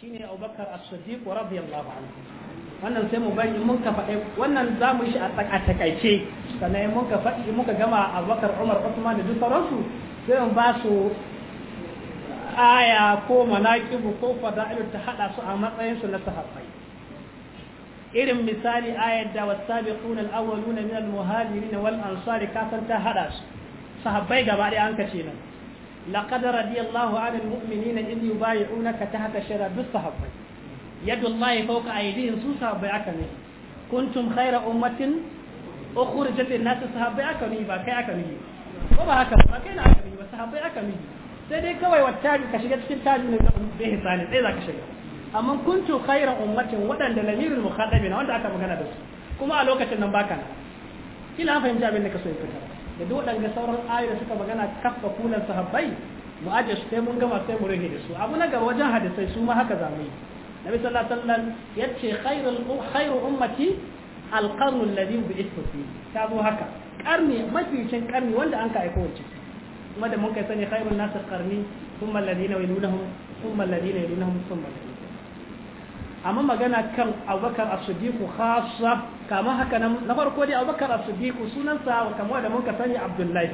shine Abubakar As-Siddiq radiyallahu anhu wannan sai mu bari mun ka faɗi wannan za mu shi a takaice sannan mun ka faɗi muka gama Abubakar Umar usman da duk sauransu sai mu ba su aya ko manaqibu ko fada'ilu ta hada su a matsayin su na sahabbai irin misali ayar da wasabiquna al-awwaluna min al-muhajirin wal ansari kasan ta hada su sahabbai gaba ɗaya an kace nan laqad radiyallahu 'anil mu'minina id yubay'unaka tahta shara bis sahabbai yadullahi fawqa aydihim su sahabbai aka ne kuntum khayra ummatin ukhrijat lin-nas sahabbai aka ne ba kai aka ne haka ba kai na aka ne ba sahabbai aka sai dai kawai wata ka shiga cikin taji ne bai hisani sai zaka shiga amma kuntu khayra ummatin wadanda lamirul mukhatabi na wanda aka magana da su kuma a lokacin nan baka na kila an fahimci abin ka so ya da duk waɗanda sauran ayoyi da suka magana kafa kulan sahabbai mu aje su sai mun gama sai mu rage da su abu na gaba wajen hadisai su ma haka zamu yi nabi sallallahu alaihi wasallam yace khairul khairu ummati alqarnu alladhi bi'ithtu fi ta zo haka karni maficin karni wanda an ka aiko wace kuma da mun kai sani khairun nas qarni thumma alladhina yalunahum thumma alladhina yalunahum thumma alladhina amma magana kan abubakar as-siddiqu khassa kama haka na farko dai abubakar as sunansa kamar da muka sani abdullahi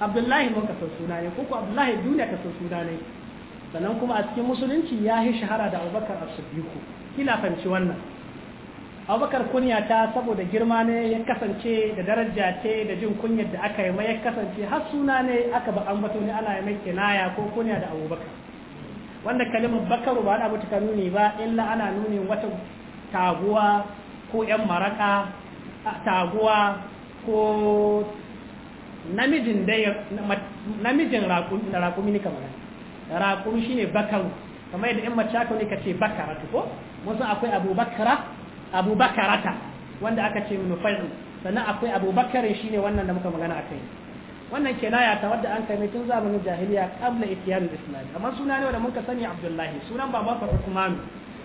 abdullahi ka san suna ne ko abdullahi duniya ka san suna ne sannan kuma a cikin musulunci ya yi shahara da abubakar as-siddiqu kila fanci wannan abubakar kunya ta saboda girma ne ya kasance da daraja ce da jin kunyar da aka yi mai ya kasance har suna ne aka ba ambato ne ana yi mai kinaya ko kunya da abubakar wanda kalimar bakaru ba abu cika nuni ba illa ana nuni wata taguwa ko yan maraka taguwa ko namijin namijin raƙumi ne kamar raƙumi ne bakaru kamar yadda in mace aka ne ka ce bakaratu ko musu akwai abubakarata wanda aka ce nufai'u sannan akwai abubakarin ne wannan da muka magana a kai wannan kinaya ta wadda an kai tun zamanin jahiliya qabla ittiyan al-islam amma suna ne wanda muka sani abdullahi sunan baban sa usman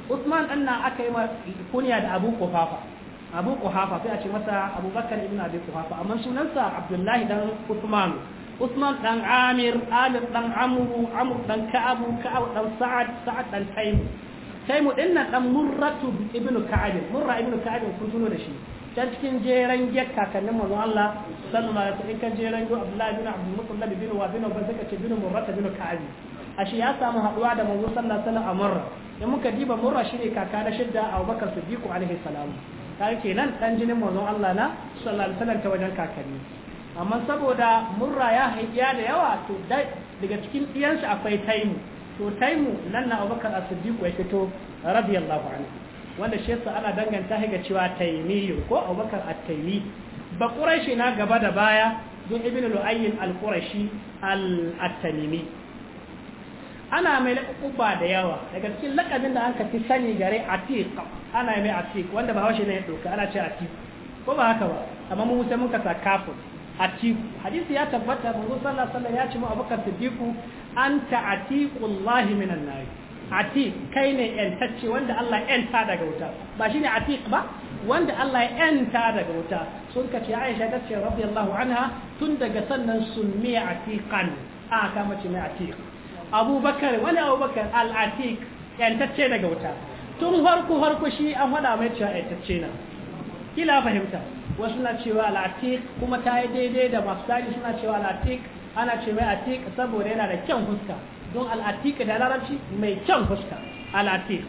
usman anna aka yi kunya da abu kufafa abu kuhafa sai a ce masa abubakar ibn abi kuhafa amma sunansa abdullahi dan usman Usman dan Amir, Amir dan Amru, Amr dan Ka'abu, Ka'ab dan Sa'ad, Sa'ad dan Taimu. Taimu din nan dan Murratu ibn Ka'ab, Murra ibn Ka'ab kun tuno da shi. can cikin jeren gyar kakannin manzon Allah sallallahu alaihi wasallam in ka jeren gyar Abdullahi bin Abdul Muttalib bin wa bin Ubay saka ce bin Murrata bin Ka'abi shi ya samu haɗuwa da manzon sallallahu alaihi wasallam a Murra in muka diba Murra shine kaka na shidda Abubakar Siddiq alaihi salam yake nan dan jinin manzon Allah na sallallahu alaihi wasallam ta wajen kakanni amma saboda Murra ya haƙiya da yawa to daga cikin iyansu akwai Taimu to Taimu nan na Abubakar Siddiq ya fito radiyallahu anhu wanda shi yasa ana danganta ga cewa taymiyu ko abubakar at-taymi ba quraishi na gaba da baya don ibn lu'ayyin al-qurashi al-at-tamimi ana mai laƙuba da yawa daga cikin lakabin da aka fi sani gare atiq ana mai atiq wanda ba haushe ne ya doka ana ce atiq ko ba haka ba amma mu sai muka sa kafin atiq hadisi ya tabbata manzo sallallahu alaihi wasallam ya ce mu abubakar siddiq anta atiqullahi minan nar atiq kai ne yantacce wanda Allah ya yanta daga wuta ba shine atiq ba wanda Allah ya yanta daga wuta sun kace Aisha ta ce radiyallahu anha tun daga sannan mi atiqan a ka mace mai atiq Abubakar wani Abubakar al-atiq yantacce daga wuta tun harku harku shi an faɗa mai cewa yantacce na kila fahimta wasu na cewa al-atiq kuma ta yi daidai da masu suna cewa al-atiq ana ce mai atiq saboda yana da kyan fuska don al'atiq da larabci mai kyan fuska al'atiq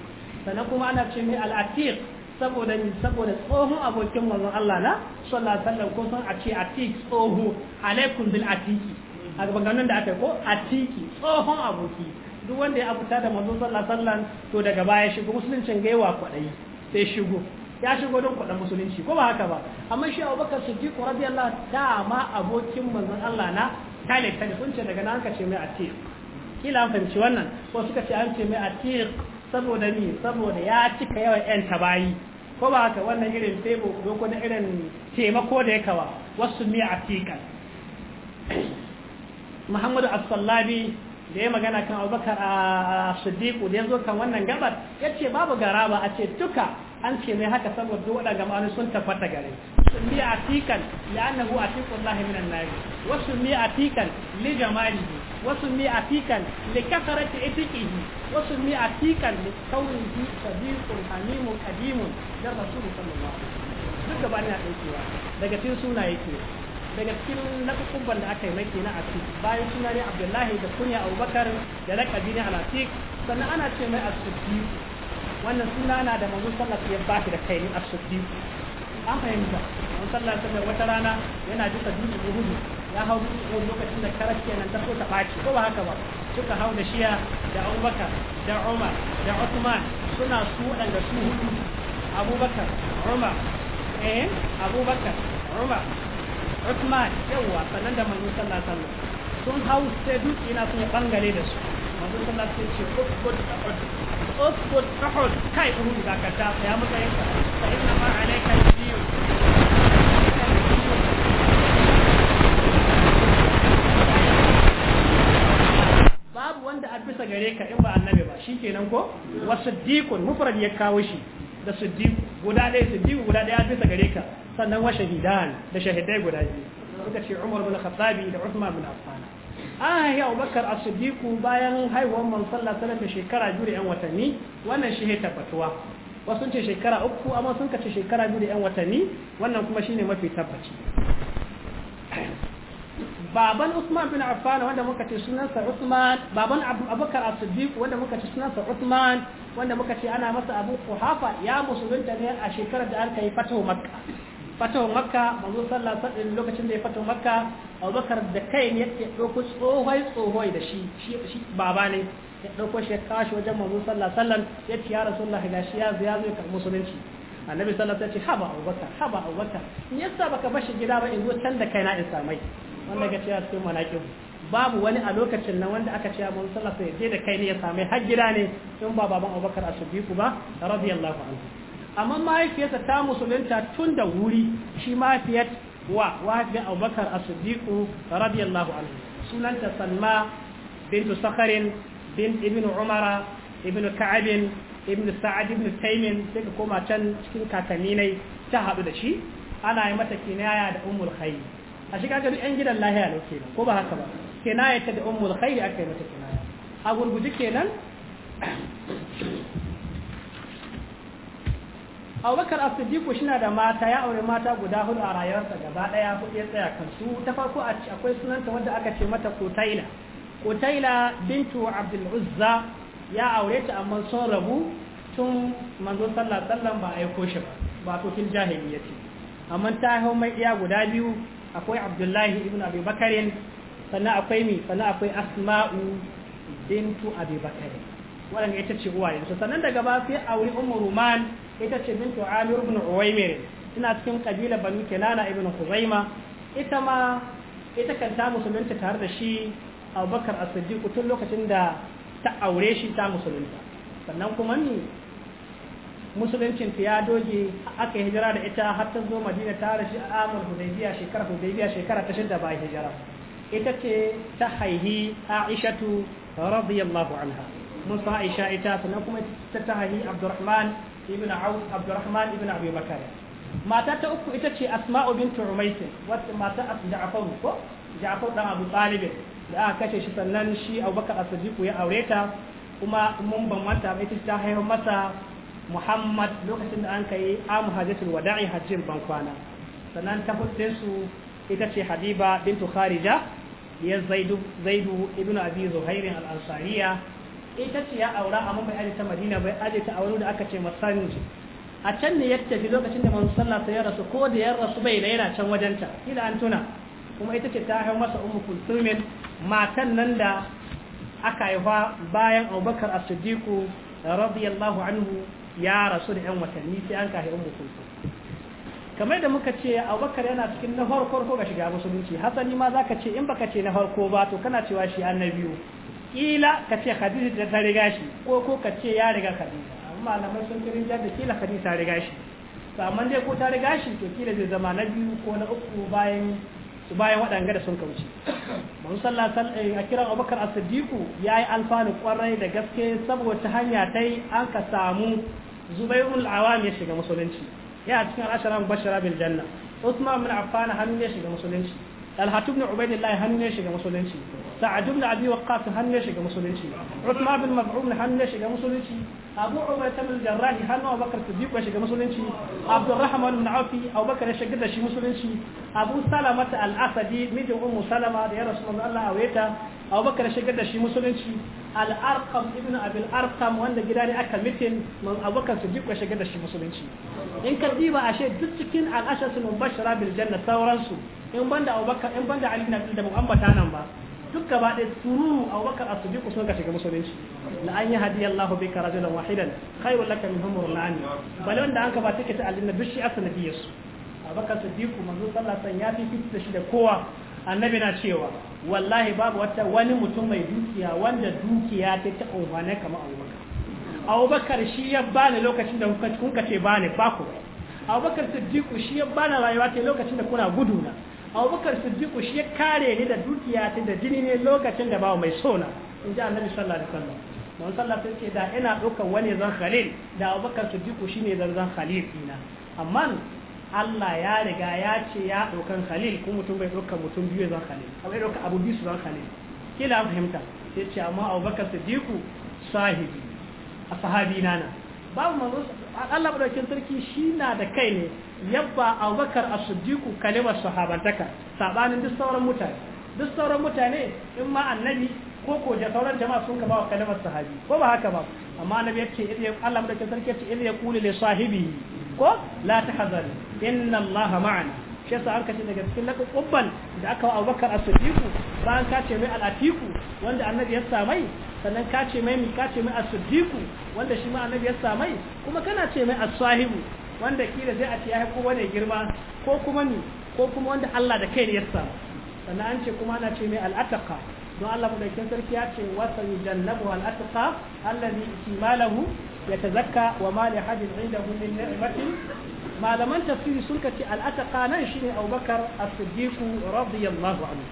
sannan kuma ana ce mai al'atiq saboda ni saboda tsohon abokin manzon Allah na sallallahu alaihi wasallam ko san a ce atiq tsoho alaikum bil atiqi a gaban da aka ko atiki tsohon aboki duk wanda ya abuta da manzon sallallahu alaihi wasallam to daga baya shigo musuluncin gaiwa kwadai sai shigo ya shigo don kwaɗa musulunci ko ba haka ba amma shi abubakar siddiq radiyallahu ta'ala abokin manzon Allah na kale kale kun ce daga nan ka ce mai atiq kila an fahimci wannan ko suka ce an ce mai atiq saboda ni saboda ya cika yawan yan tabayi ko ba haka wannan irin tebo ko ko na irin taimako da ya kawa wasu mai atiqan Muhammadu As-Sallabi da ya magana kan Abubakar a ah, Siddiq da yanzu kan wannan gabar yace babu garaba a ce duka an ce mai haka saboda waɗanda gamanu sun tabbata gare summi atikan li'annahu atiqu Allah min an-nar wa summi atikan li jamalihi wa summi atikan li kasarati itiqihi wa summi atikan li kawnihi sadiqun hamimun qadimun da rasulullahi sallallahu alaihi wasallam duk gaba ina daukewa daga cikin sunaye ke daga cikin da aka yi mai kenan a ciki bayan suna abdullahi da kunya abubakar da laƙabi ne a sannan ana ce mai a wannan suna na da manzon sallah ya ba shi da kai ne as-siddiq an fahimta manzon sallah da wata rana yana bisa dutsen hudu ya hau dutsen lokacin da karas kenan ta so ta ɓaci ko ba haka ba suka hau da shiya da Abubakar da Umar da usman suna su waɗanda su hudu Abubakar Umar eh Abubakar Umar usman yawwa sannan da manzon sallah sallah sun hau sai dutse na sun bangare da su manzon da sai ce uskud tahud uskud tahud kai kuma da ka ta ya matsayin ka fa inna ma alayka al-jiyu babu wanda a bisa gare ka in ba annabi ba ko wasu siddiqun mufrad ya kawo shi da siddiqu guda ɗaya siddiqu guda ɗaya a bisa gare ka sannan wa shahidan da shahidai guda biyu suka ce Umar bin Khattabi da Uthman bin Affan an haihi abubakar a siddiku bayan haihuwar mansalla sanar da shekara biyu yan watanni wannan shi ne tabbatuwa wasu ce shekara uku amma sun kace shekara biyu yan watanni wannan kuma shine mafi tabbaci baban usman bin affan wanda muka ce sunansa usman baban abubakar as-siddiq wanda muka ce sunansa usman wanda muka ce ana masa abu kuhafa ya musulunta ne a shekarar da an kai fatahu makka fatawa makka manzo sallallahu alaihi lokacin da ya fatawa makka abubakar da kai ne ya dauko tsohoi tsohoi da shi shi baba ne ya dauko shi ya kashi wajen manzo sallallahu alaihi wasallam ya ce ya rasulullah ga shi ya ziya zai karɓi musulunci annabi sallallahu alaihi wasallam ya ce haba abubakar haba abubakar in yasa baka bashi gida ba in zo can da kaina in samai wanda ga cewa cikin manaƙin babu wani a lokacin nan wanda aka cewa manzo sallallahu alaihi ya je da kai ya samai har gida ne in ba baban abubakar a siddiq ba radiyallahu anhu amma mahaifiyarsa ta musulunta tun da wuri shi mahaifiyar wa wajen abubakar a siddiqu radiyallahu anhu sunanta salma bintu sakarin bin ibn umara ibn ka'abin ibn sa'ad ibn taimin sai ka koma can cikin kakanni ne ta haɗu da shi ana yi mata kinaya da umul khayr a shi kaga ɗan yan gidan lahiya ne kenan ko ba haka ba kinaya ta da umul khayr aka yi mata kinaya a gurguji kenan abubakar as-siddiq shi da mata ya aure mata guda hudu a rayuwarsa gaba ɗaya hudu ya tsaya su ta farko akwai sunanta wadda aka ce mata kotaila kotaila bintu abdul uzza ya aure ta amma sun rabu tun manzo sallallahu alaihi ba aiko shi ba ba to fil jahiliyyati amma ta hau mai iya guda biyu akwai abdullahi ibn abi bakarin sannan akwai mi sannan akwai asma'u bintu abi bakarin waɗanda ita ce uwayensu sannan daga ba sai auri ummu ruman ita ce bintu amir ibn uwaymir tana cikin kabila banu kinana ibn khuzaima ita ma ita kan ta musulunta tare da shi abubakar as-siddiq tun lokacin da ta aure shi ta musulunta sannan kuma ni musuluncin ta ya doge aka hijira da ita har ta zo madina ta rashi amul hudaybiya shekara hudaybiya shekara ta shidda ba hijira ita ce ta haihi aishatu radiyallahu anha musa Aisha ita sannan kuma ta tahahi Abdurrahman ibn Auf Abdurrahman ibn Abi Bakar mata ta uku ita ce Asma'u bint Umays wata mata Ja'far ko Ja'far dan Abu Talib da aka kashe shi sannan shi Abubakar As-Siddiq ya aure ta kuma mun ban mata ita ta haihu masa Muhammad lokacin da an kai amu hajjatul wada'i hajjin ban kwana sannan ta fitin su ita ce Habiba bintu Kharija ya Zaidu Zaidu ibn Abi Zuhairin al-Ansariya ita ce ya aura amma bai aje ta madina bai aje ta aure da aka ce masani a can ne ya tafi lokacin da manzo sallah alaihi ya rasu ko da ya rasu bai da yana can wajenta kila an tuna kuma ita ce ta haihu masa ummu kulsumin matan nan da aka haifa bayan abubakar as-siddiq radiyallahu anhu ya rasu da yan watanni sai an kai ummu kulsum kamar da muka ce abubakar yana cikin na farko ko ga shiga musulunci hasali ma zaka ce in baka ce na farko ba to kana cewa shi biyu. kila ka ce hadisi da ta riga shi ko ko ka ce ya riga hadisi amma malamai sun kirin da kila hadisi ta riga shi to amma dai ko ta riga shi to kila zai zama na biyu ko na uku bayan su bayan waɗanga da sun kauce mun eh, a kiran abubakar as-siddiqu yayi alfanu kwarai da gaske saboda ta hanya tai an ka samu zubairul awam ya shiga musulunci ya cikin asharan bashara bil janna usman bin affan hannu ya shiga musulunci talhatu ibn ubaidillah hannu ne shiga musulunci sa'ad ibn abi waqqas hannu ne shiga musulunci usman bin maz'un hannu ne shiga musulunci abu ta bin jarrahi hannu abubakar siddiq ya shiga musulunci abdurrahman bin auf abubakar ya shiga da shi musulunci abu ta al-asadi mijin ummu salama da ya rasulullah Allah aweta abubakar ya shiga da shi musulunci al-arqam ibn abil arqam wanda gida ne aka mitin man abubakar siddiq ya shiga da shi musulunci in ka diba ashe duk cikin al-ashasul mubashara bil janna sauransu in banda abubakar in banda ali na da mu ambata nan ba duk gaba ɗaya sururu a waka a su biku sun shiga musulunci la an yi hadiyar lahu bi karajulan wahidan khairu laka min humur bale wanda an ka ba a ta alinna duk shi asana biyar su biku manzo ya da shi da kowa annabi na cewa wallahi babu wata wani mutum mai dukiya wanda dukiya ta ta umfane kamar abubakar abubakar shi ya bani lokacin da kuka ce bani ba ku abubakar shi ya bani rayuwa ta lokacin da kuna guduna abubakar siddiqu shi ya kare ni da dukiya ta da jini ne lokacin da bawa mai sona in ji annabi sallallahu alaihi wasallam don sallah sun ce da ina ɗaukar wani zan khalil da abubakar siddiqu shi ne zan khalil ina amma Allah ya riga ya ce ya ɗaukan khalil kuma mutum bai ɗaukar mutum biyu zan khalil bai dukan abu biyu su zan khalil kila an fahimta sai ce amma abubakar siddiqu sahibi a sahabi na na babu manzo Allah madaukin sarki shi na da kai ne yabba Abubakar As-Siddiq kalimar sahabantaka sabanin duk sauran mutane duk sauran mutane in ma annabi ko ko da sauran jama'a sun ka ba kalimar sahabi ko ba haka ba amma annabi yace idan Allah madaukin sarki yace idan ya kuli li sahibi ko la tahzan inna Allah ma'ana shi yasa an daga cikin da aka wa Abubakar a siddiq bayan ka ce mai al-Atiq wanda annabi ya sa mai sannan ka ce mai mi ka ce mai wanda shi ma annabi ya sa mai kuma kana ce mai a sahib wanda kila zai a ci ya ko wani girma ko kuma ni ko kuma wanda Allah da kai ne ya sa sannan an ce kuma ana ce mai al don Allah madaukakin sarki ya ce wasa yujannabu al-Ataqa allazi ikimalahu يتزكى وما لحد عنده من نعمة ما لم تفسير سلكة الأتقى نشر أو بكر الصديق رضي الله anhu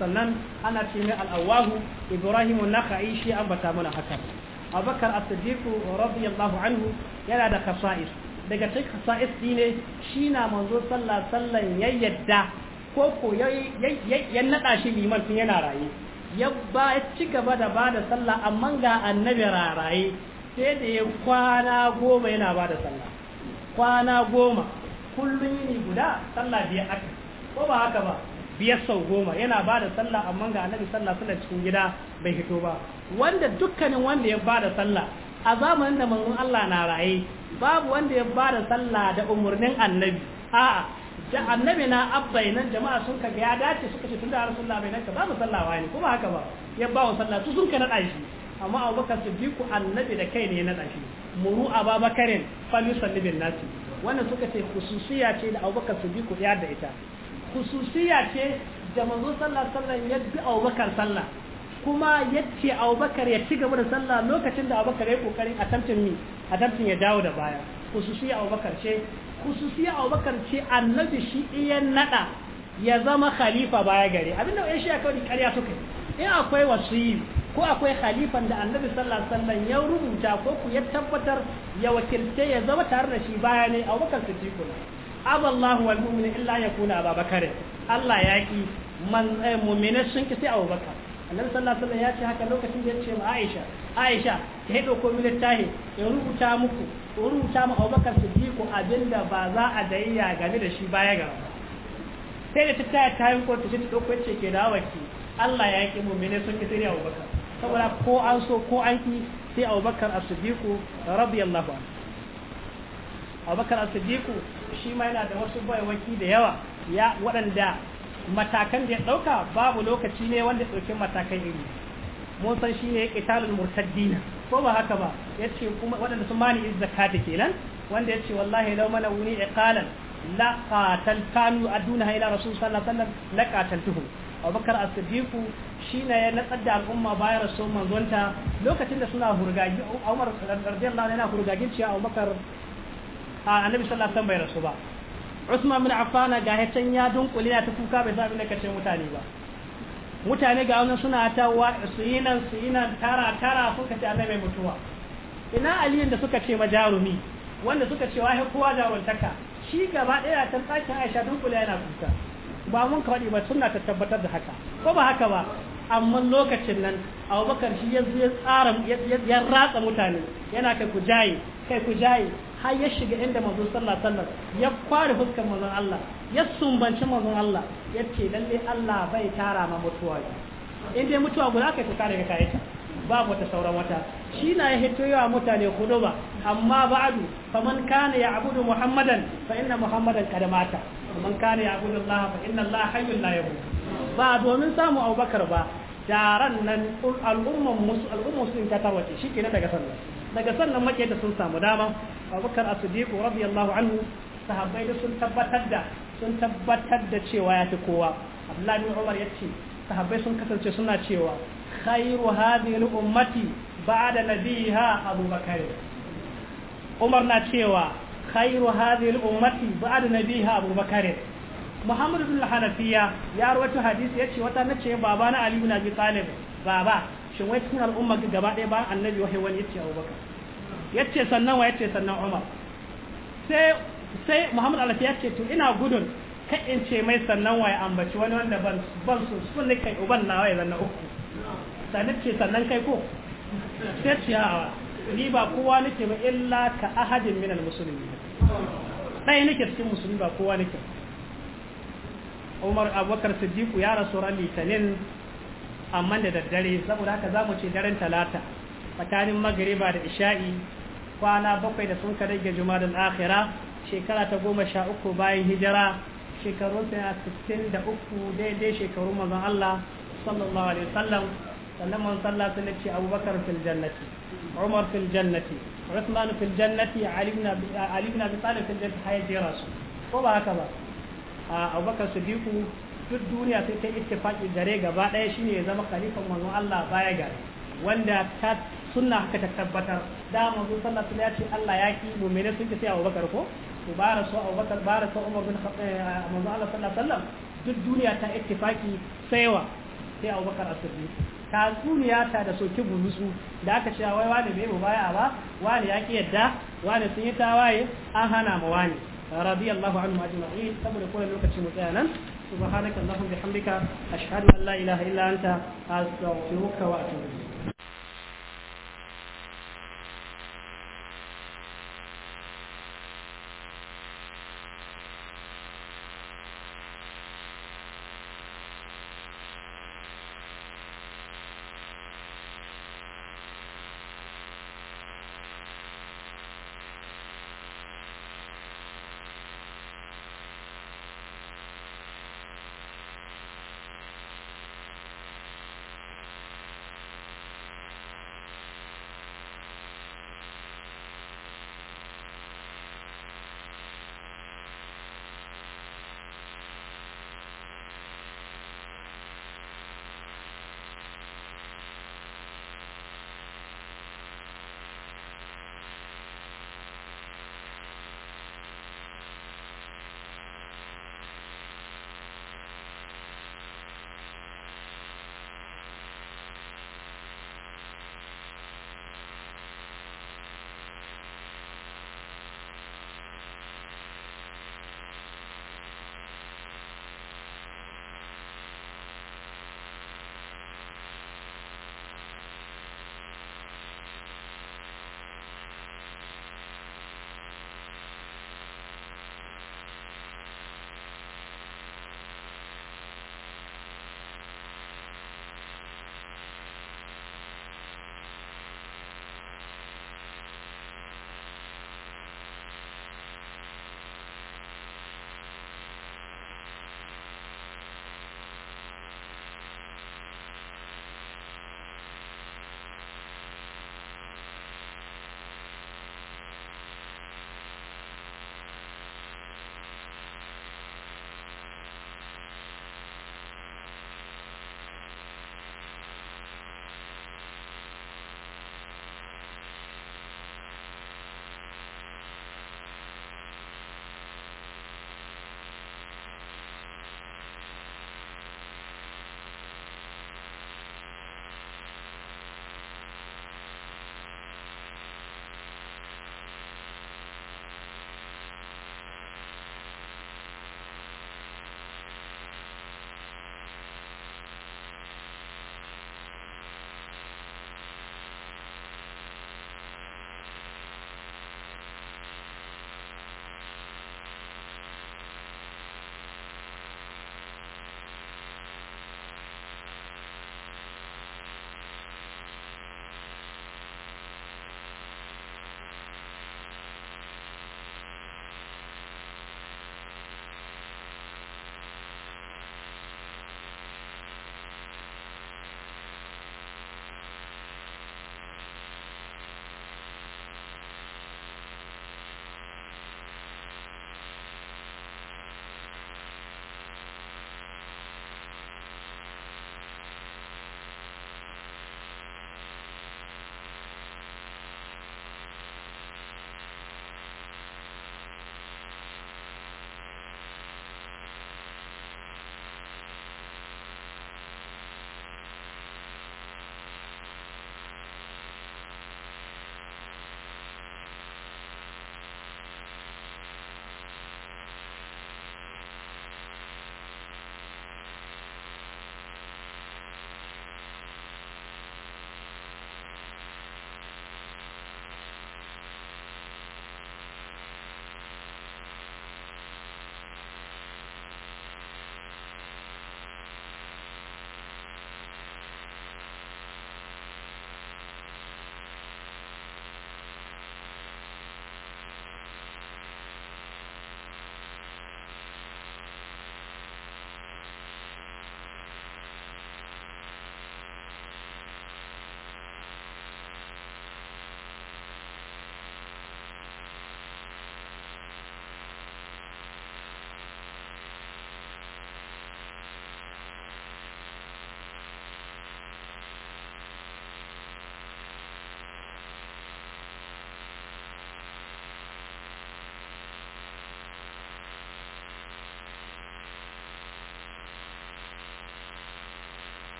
sannan ana ce al'awahu ibrahim na ka'i shi bata mana haka abubakar as-siddiqu radiyallahu anhu yana da kasa'is daga cikin kasa'is ne shi na manzo sallah sallan ya yadda ko ko ya naɗa shi liman tun yana raye ya ba ya ci gaba da ba da sallah amma ga annabi raye sai da ya kwana goma yana ba da sallah kwana goma kullum yini guda sallah biyar aka ko ba haka ba biyar sau goma yana ba da sallah amma ga annabi sallah suna cikin gida bai hito ba wanda dukkanin wanda ya ba da sallah a zamanin da manzon Allah na raye babu wanda ya ba da sallah da umarnin annabi a'a da annabi na abbai nan jama'a sun kaga ya dace suka ce tunda rasulullahi bai nan ka sallah mu kuma haka ba ya ba wa sallah su sun ka na shi amma abubakar siddiqu annabi da kai ne na dashi muru ababakarin falisalli bin nasi wannan suka ce hususiya ce da abubakar siddiqu ya da ita hususiya ce da manzo sallah-sallah ya bi abubakar sallah kuma ya yace abubakar ya ci gaba da sallah lokacin da abubakar ya kokarin attempting mi attempting ya dawo da baya hususiya abubakar ce khususiya abubakar ce annabi shi iya naɗa ya zama khalifa baya gare abinda ya shi ya kawai karya suka yi in akwai wasiyu ko akwai khalifan da annabi sallallahu alaihi wasallam ya rubuta ko ku ya tabbatar ya wakilce ya zama tare da shi baya ne ji Siddiq aballahu wal mu'minu illa yakuna Abubakar Allah ya ki man eh, mu'mina sun ki sai Abubakar annabi sallallahu alaihi wasallam ya ce haka lokacin da ya ce ma Aisha Aisha ta hido ko mu littahi ya rubuta muku ko rubuta mu Abubakar ku abinda ba za a dayya game da shi baya ga sai da ta ta yin ko ta ce ta dauko ce ke da waki Allah ya ki mu'mine sun ki sai Abubakar saboda ko an so ko an ki sai Abubakar As-Siddiq radiyallahu anhu Abubakar As-Siddiq shi ma yana da wasu baiwaki da yawa ya waɗanda matakan da ya ɗauka babu lokaci ne wanda ɗauke matakan iri mun san shi ne qitalul murtaddina ko ba haka ba yace kuma waɗanda sun mani zakata kenan wanda yace wallahi law mana wuni iqalan la kanu aduna ila rasul sallallahu alaihi wasallam la qataltuhu abubakar as shi ne ya natsar da al'umma bayan rasu manzonta lokacin da suna hurgagi umar radiyallahu anhu yana hurgagin cewa abubakar annabi sallallahu alaihi bai rasu ba usman bin Afana ga hacen ya dunkule na ta kuka bai zaɓi na kace mutane ba mutane ga wani suna tawa su yi nan su yi nan tara tara sun ka ce annabi mutuwa ina aliyin da suka ce majarumi wanda suka ce wa kowa jarumtaka shi gaba ɗaya ta tsakin aisha dunkule yana kuka ba mun ka faɗi ba suna ta tabbatar da haka ko ba haka ba amma lokacin nan abubakar shi ya tsara ya ratsa mutane yana kai ku jaye kai ku jaye har ya shiga inda manzo sallallahu alaihi ya kware fuskar mazan Allah ya sumbanci manzon Allah ya ce lalle Allah bai tara ma mutuwa in dai mutuwa guda kai ku kare ka kai ta babu wata sauran wata shi na ya hito yawa mutane hudu ba amma ba'adu faman kana ya abudu muhammadan fa inna muhammadan kada mata faman kana ya abudu allah fa inna allah hayyul la yamut ba domin samu abubakar ba jaran nan al'ummar musu al'umman musulun ta tarwace shi kenan daga sannan daga sannan makiyata sun samu dama abubakar as-siddiq radiyallahu anhu sahabbai da sun tabbatar da sun tabbatar da cewa ya fi kowa abdullahi bin umar ya ce sahabbai sun kasance suna cewa خير هذه الأمة بعد نبيها أبو بكر عمر ناتشيوا خير هذه الأمة بعد نبيها أبو بكر محمد بن الحنفية يا رواه حديث يتشي وتنتشي بابانا علي بن أبي طالب بابا shin wai cikin al'umma gaba ɗaya ba annabi wahayi wani yace abubakar yace sannan wa yace sannan umar sai sai muhammad ya ce to ina gudun kai in ce mai sannan wa ya ambaci wani wanda ban ban su sun ne kai uban nawa ya zanna uku sannan ce sannan kai ko sai ce ni ba kowa nake ba illa ka ahadin minal musulmi dai nake cikin musulmi ba kowa nake umar abubakar Siddiq ya rasu ran litinin amma da daddare saboda haka zamu ce daren talata tsakanin magriba da isha'i kwana bakwai da sun ka rage jumadal akhira shekara ta goma sha uku bayan hijira shekarun sa sittin da uku daidai shekarun manzon allah sallallahu alaihi wasallam sannan man sallah sun ce abubakar fil jannati umar fil jannati usman fil jannati ali ibn abi talib fil jannati hayya jira su ko ba haka ba abubakar sadiqu duk duniya sai ta ittifaqi gare gaba daya shine ya zama khalifa manzon Allah baya ga wanda ta sunna haka ta tabbatar da manzon sallah sun ya ce Allah ya ki mu'mini sun ce sai abubakar ko to bara so abubakar bara so umar bin khattab eh, manzon Allah sallallahu alaihi wasallam duk duniya ta ittifaqi saiwa sai abubakar as-siddiq tatsuniya ta da soki bulusu da aka cewa wai wani bai mu baya ba wani ya ki yadda wani sun yi tawaye an hana ma wani radiyallahu anhu ajma'in saboda kowane lokacin mu tsaya nan subhanaka allahumma bihamdika ashhadu an la ilaha illa anta astaghfiruka wa atubu